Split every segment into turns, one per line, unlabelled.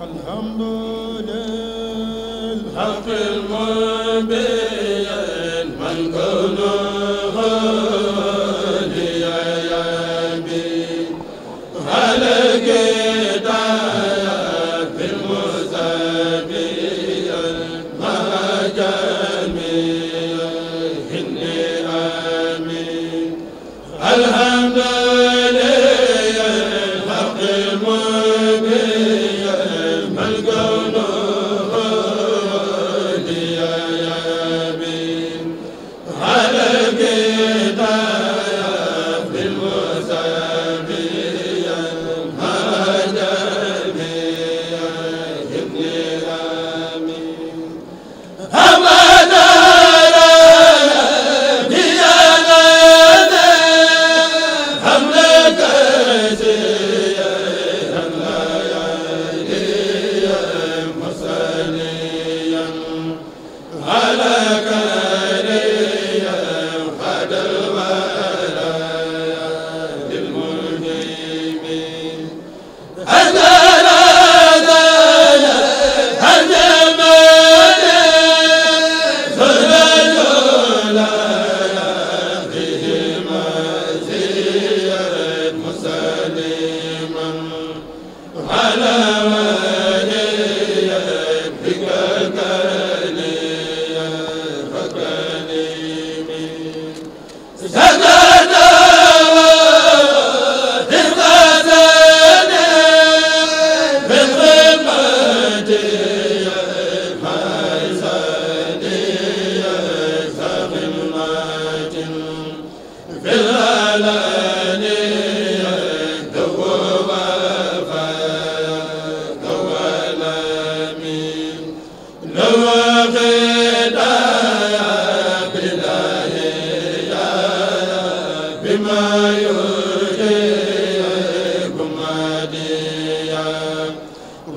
الحمد لله حق المبين من كنوا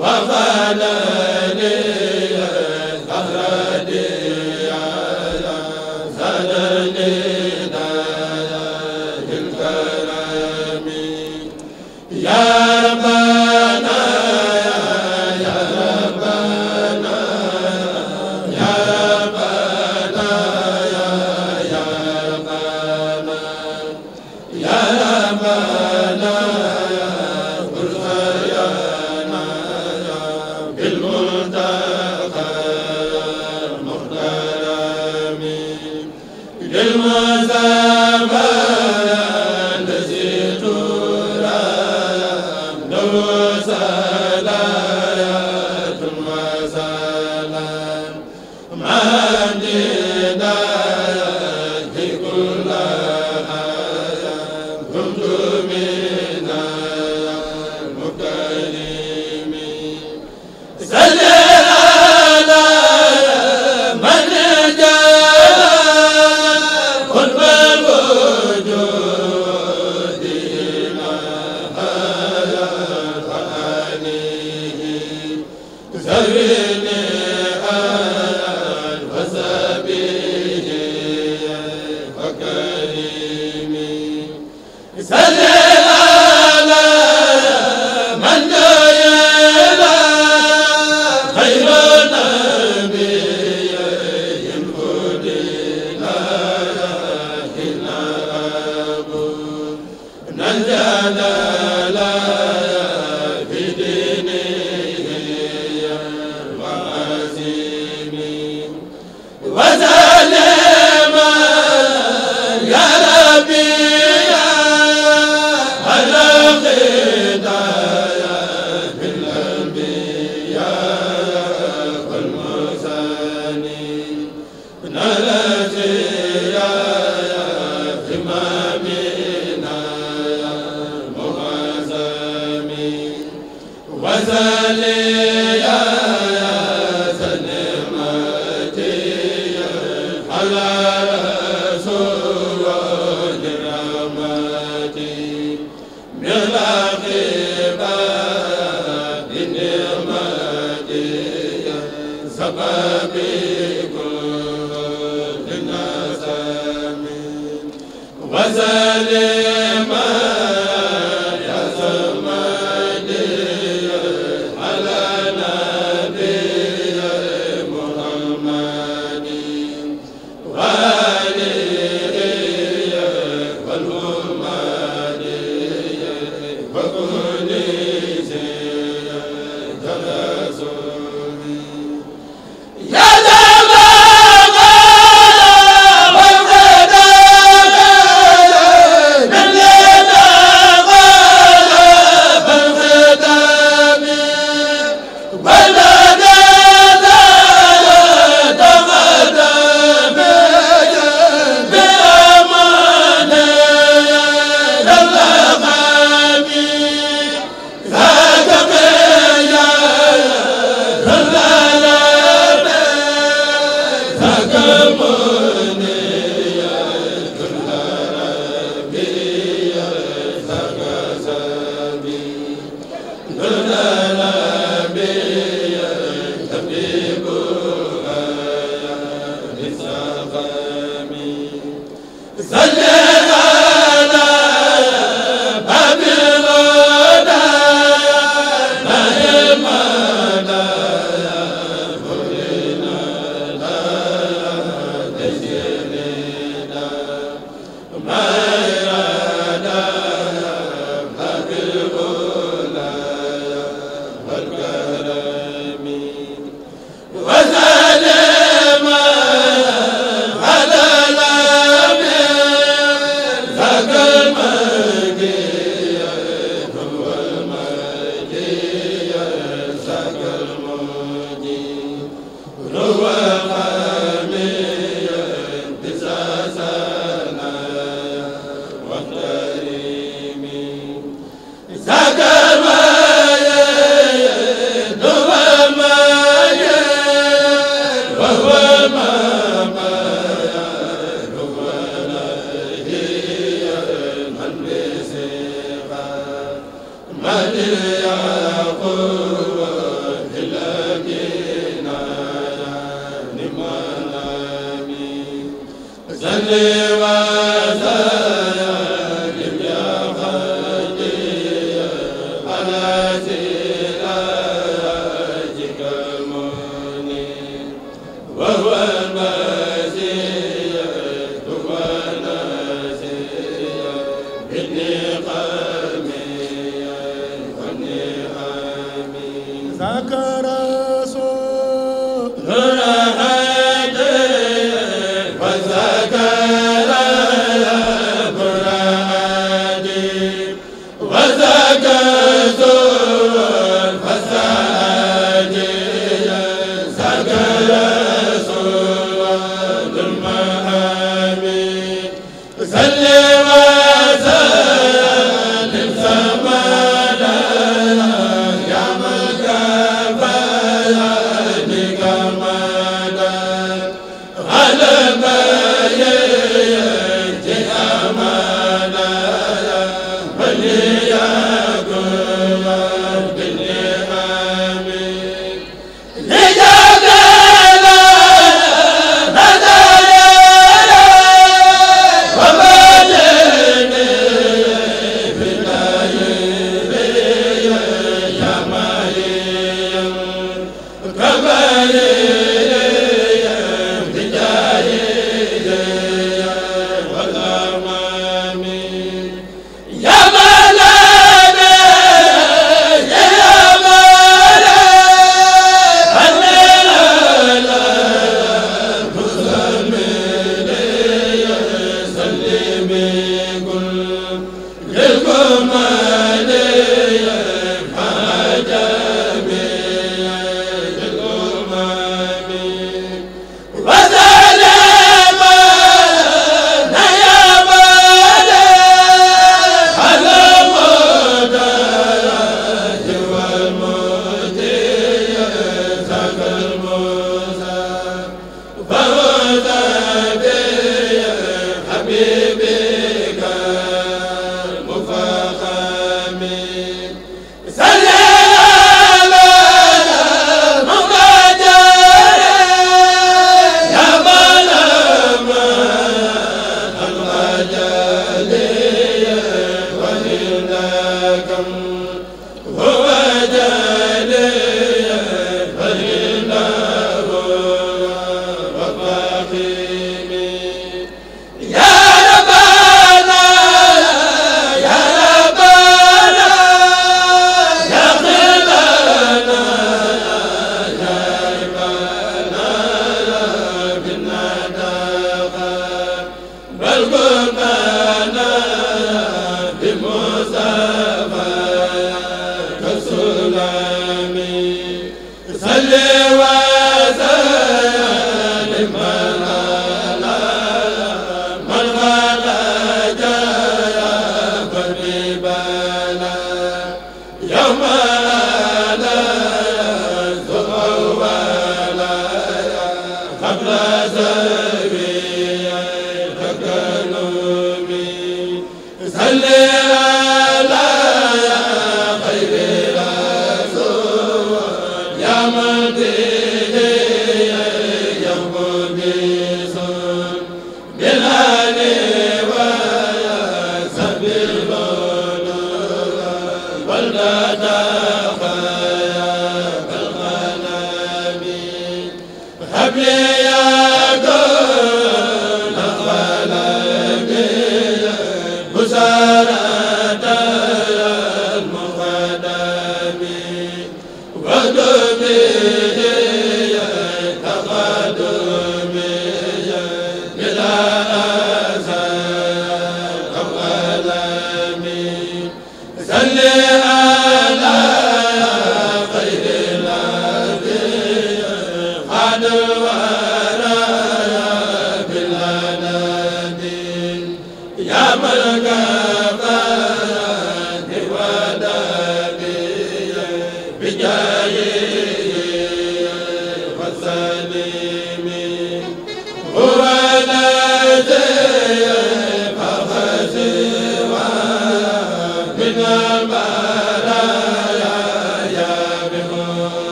wa wasale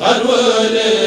xarwale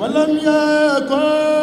ولم يكن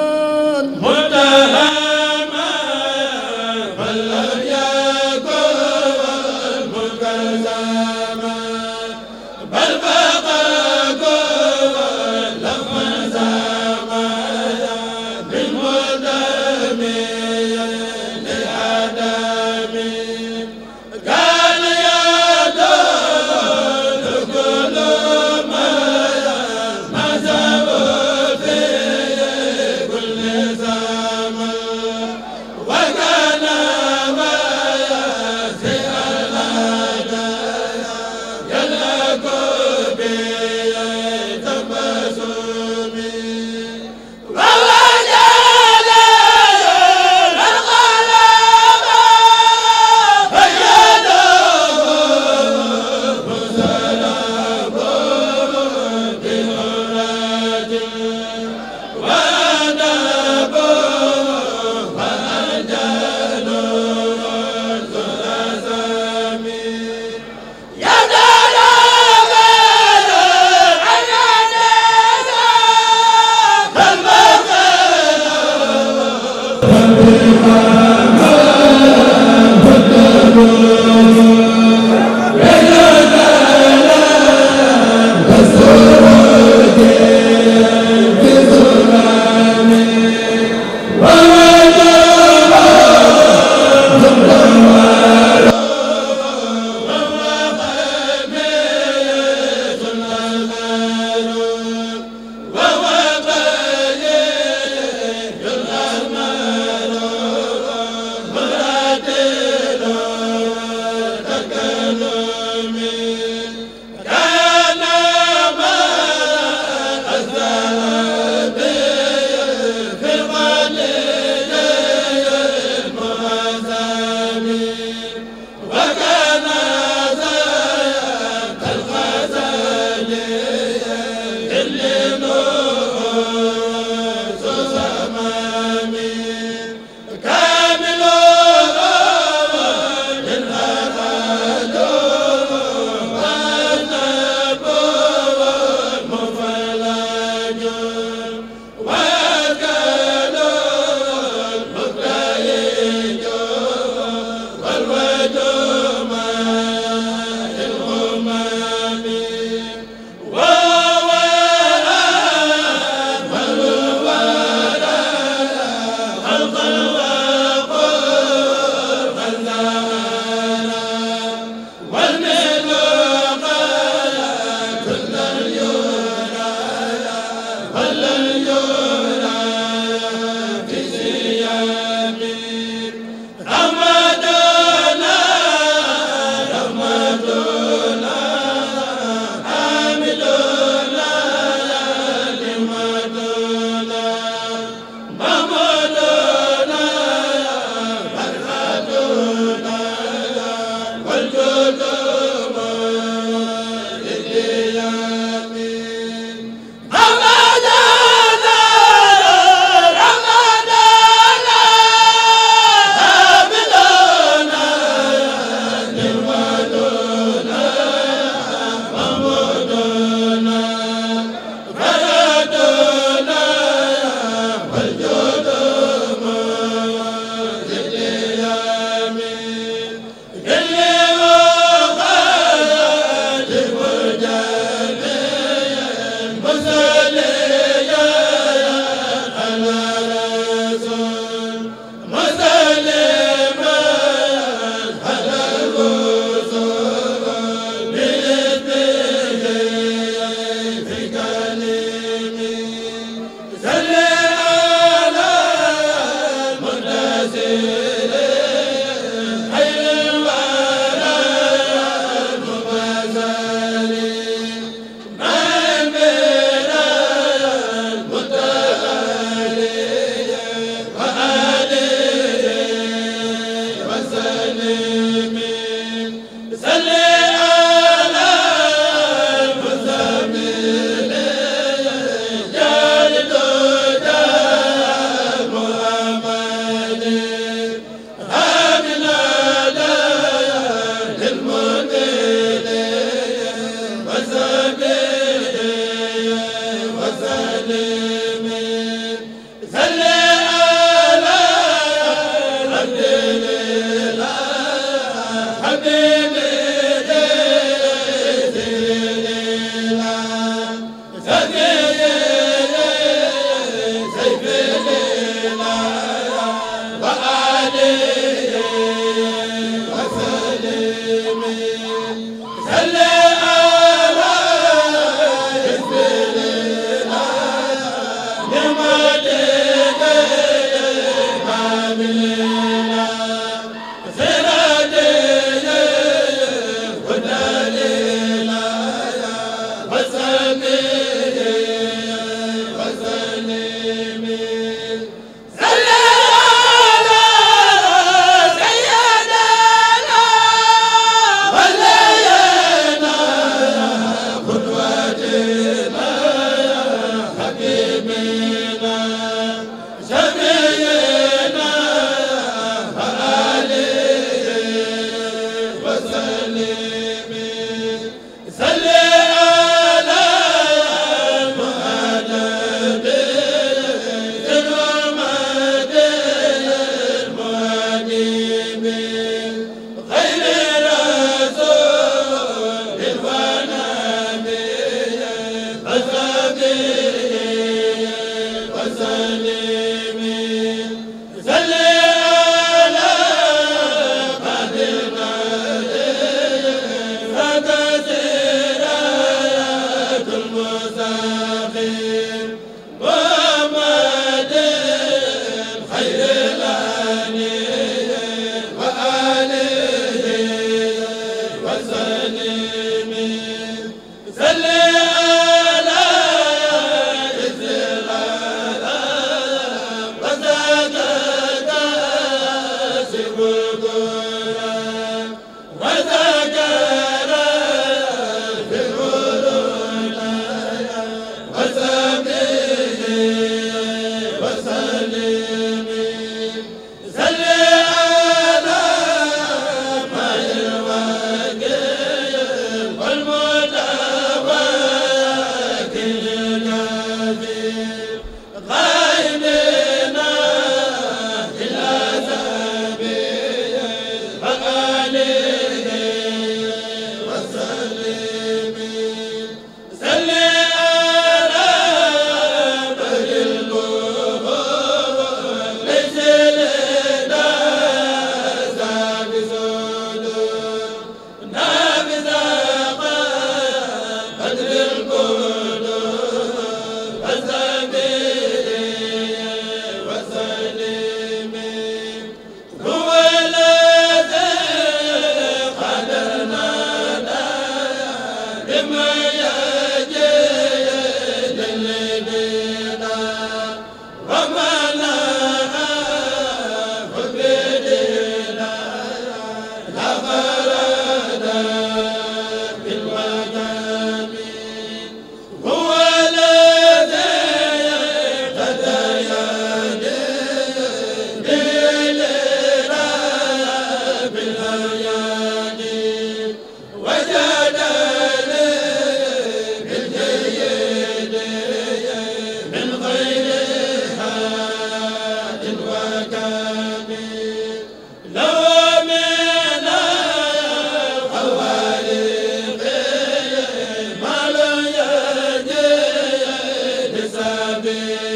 be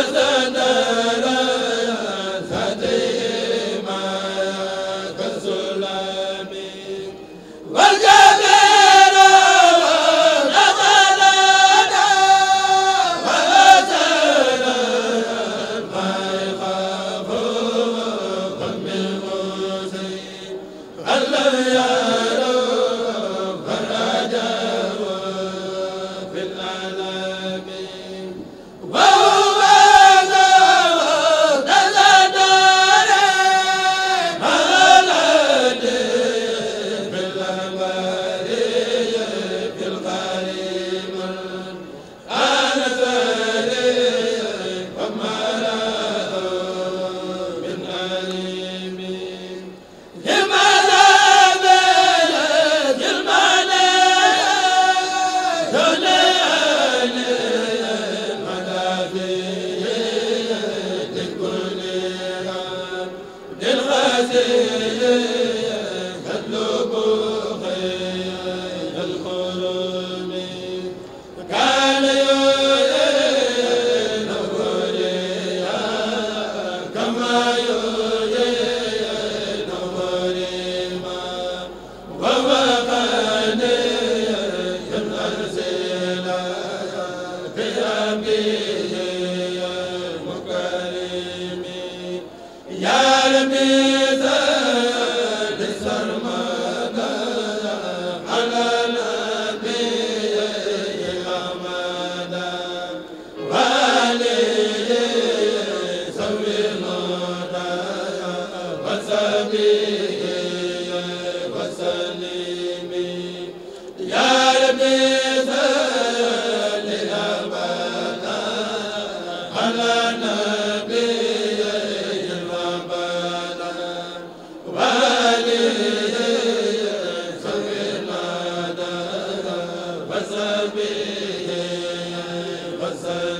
a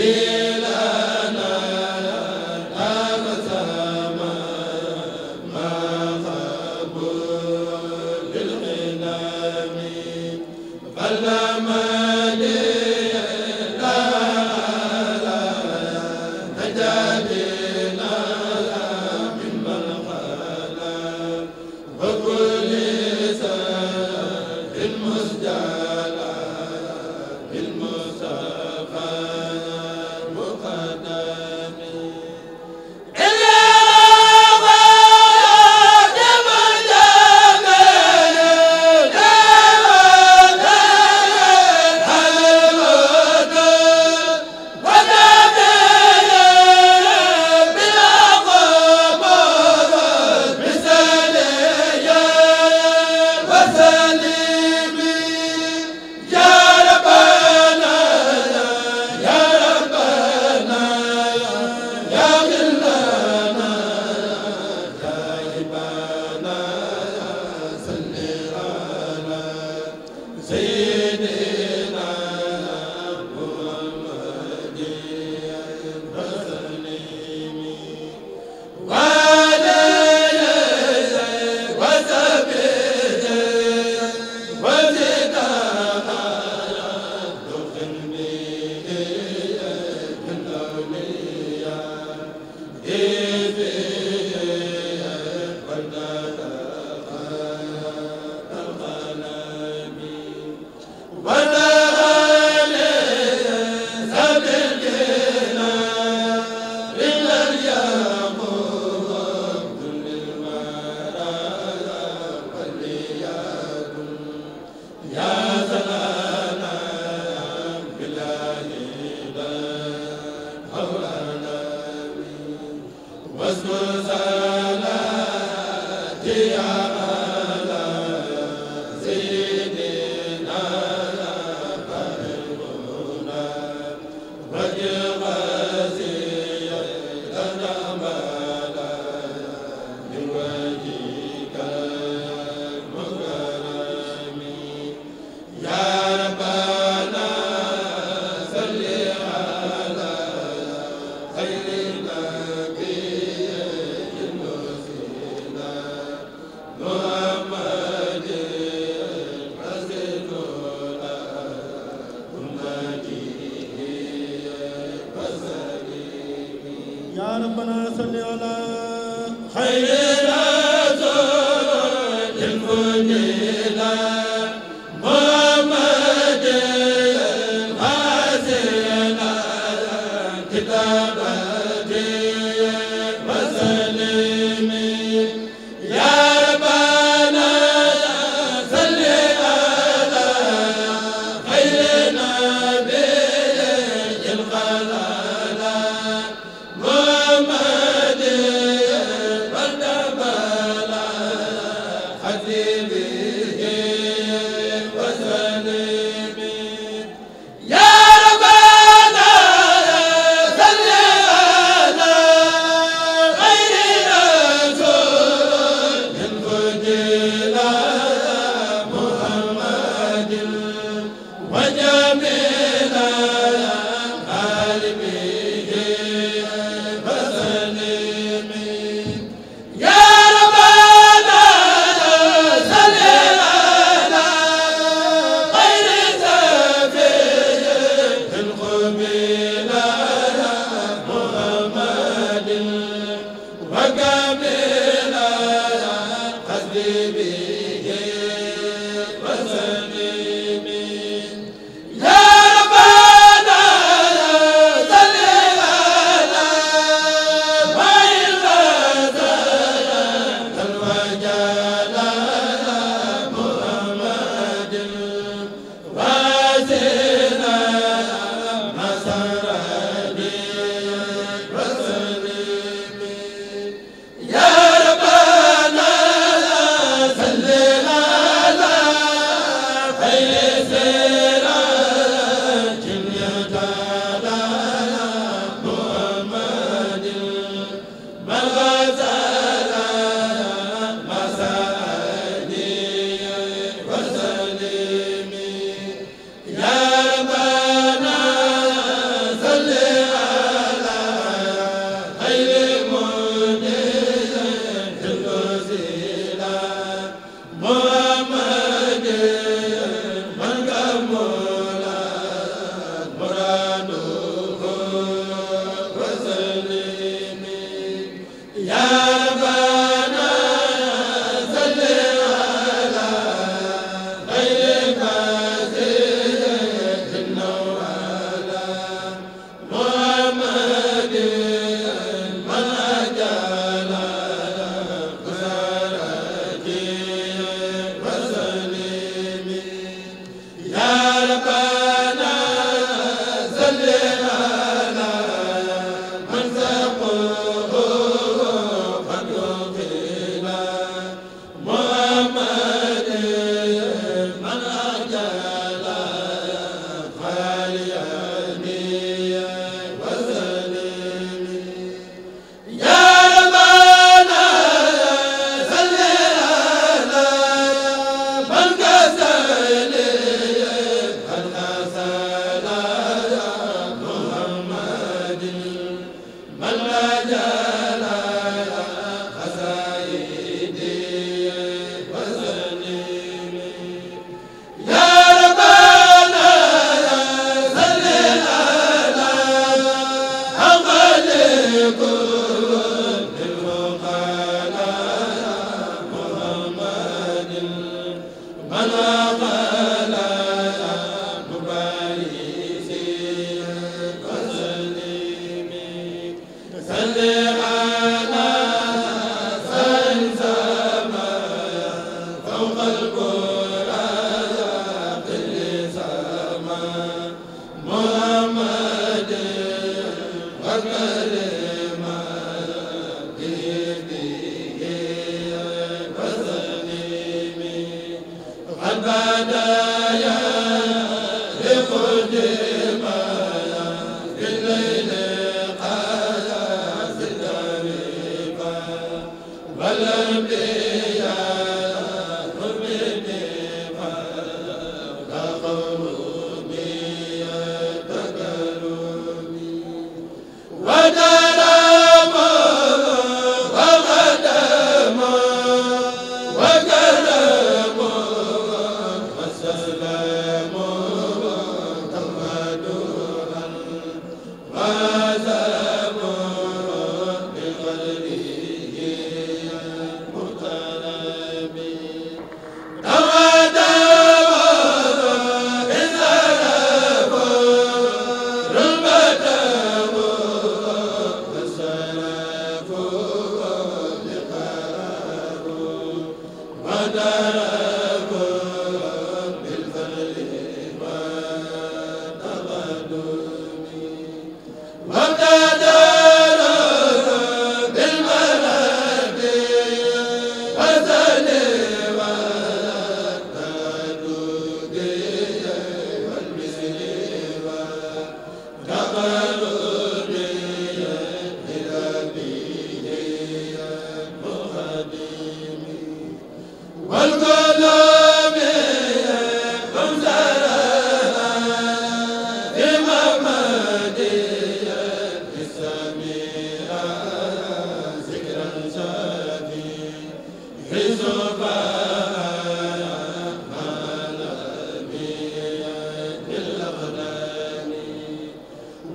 e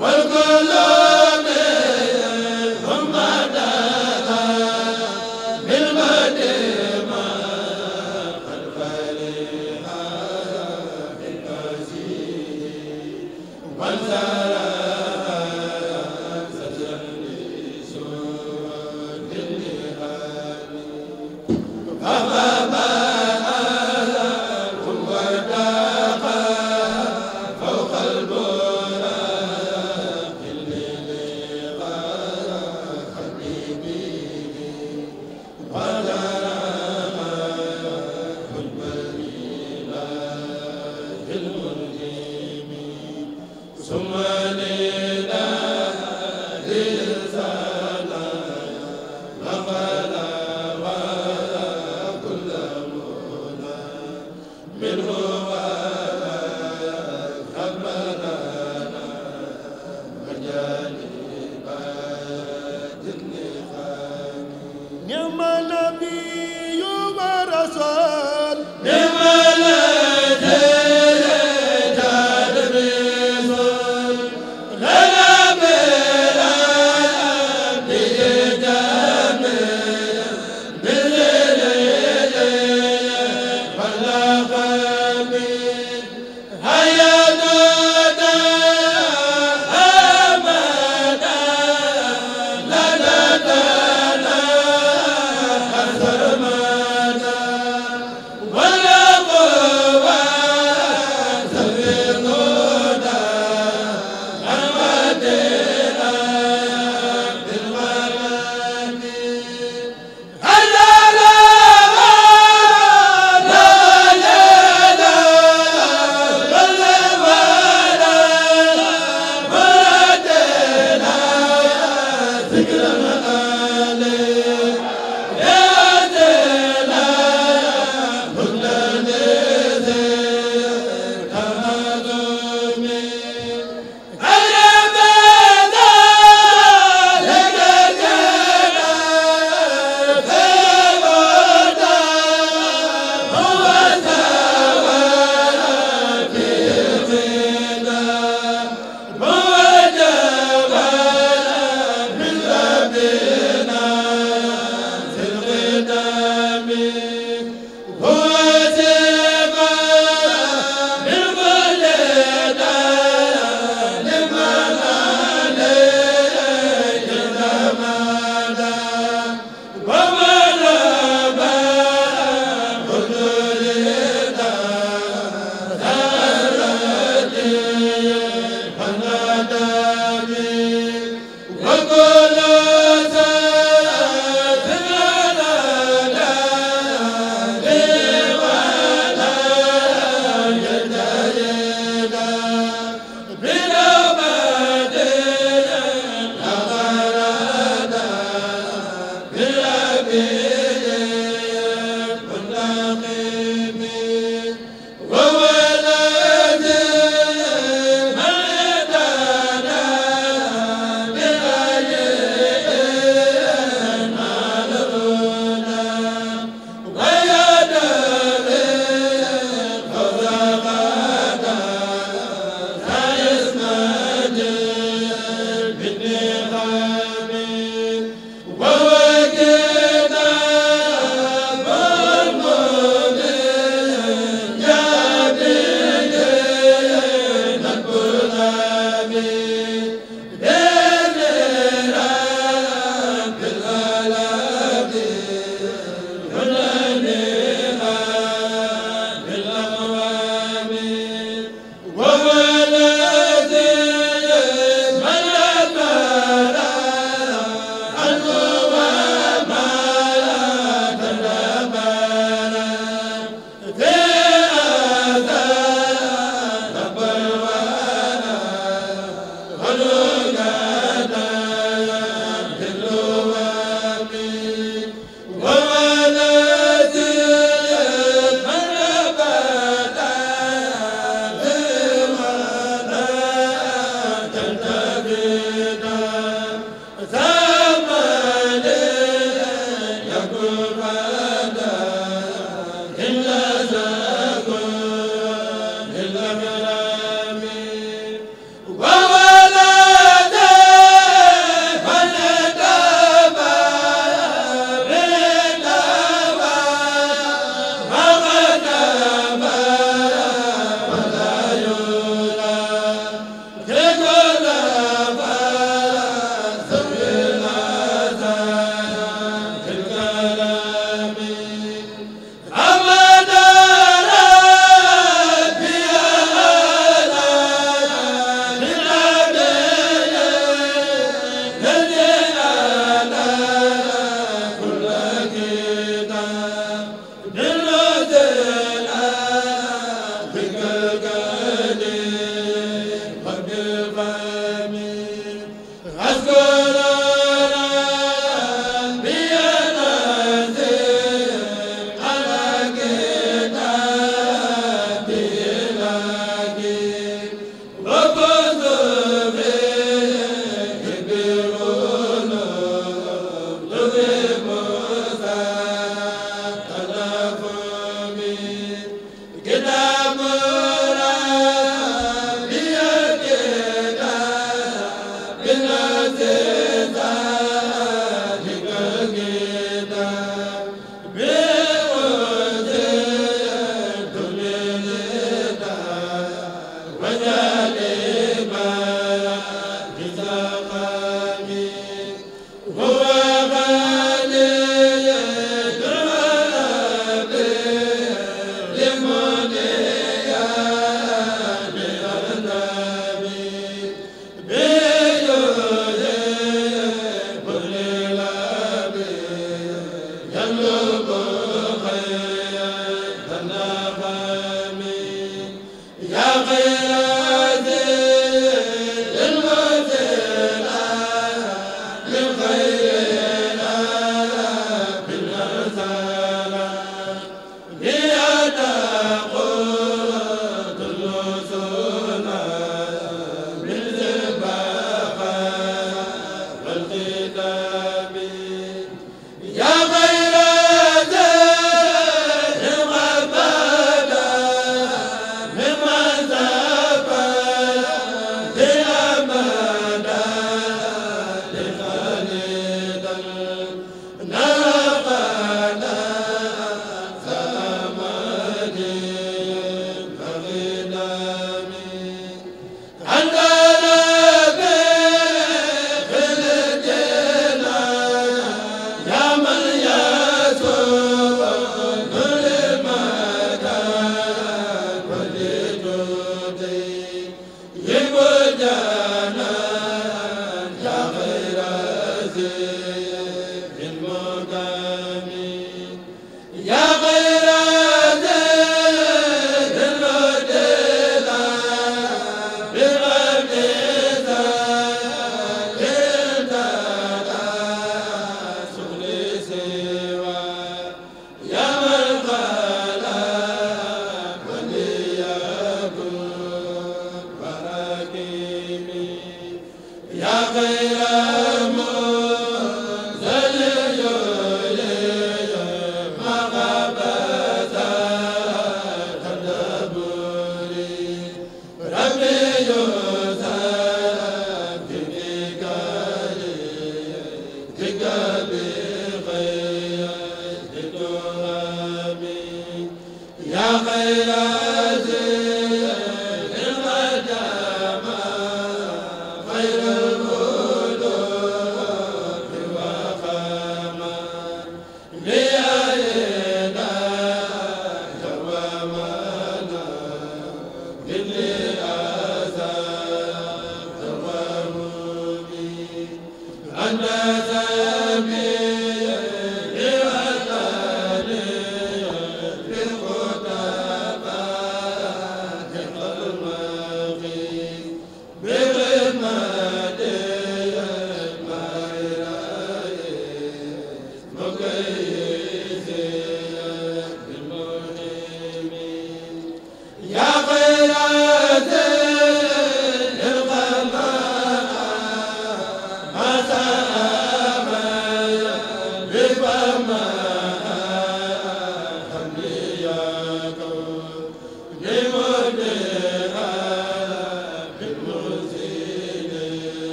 wal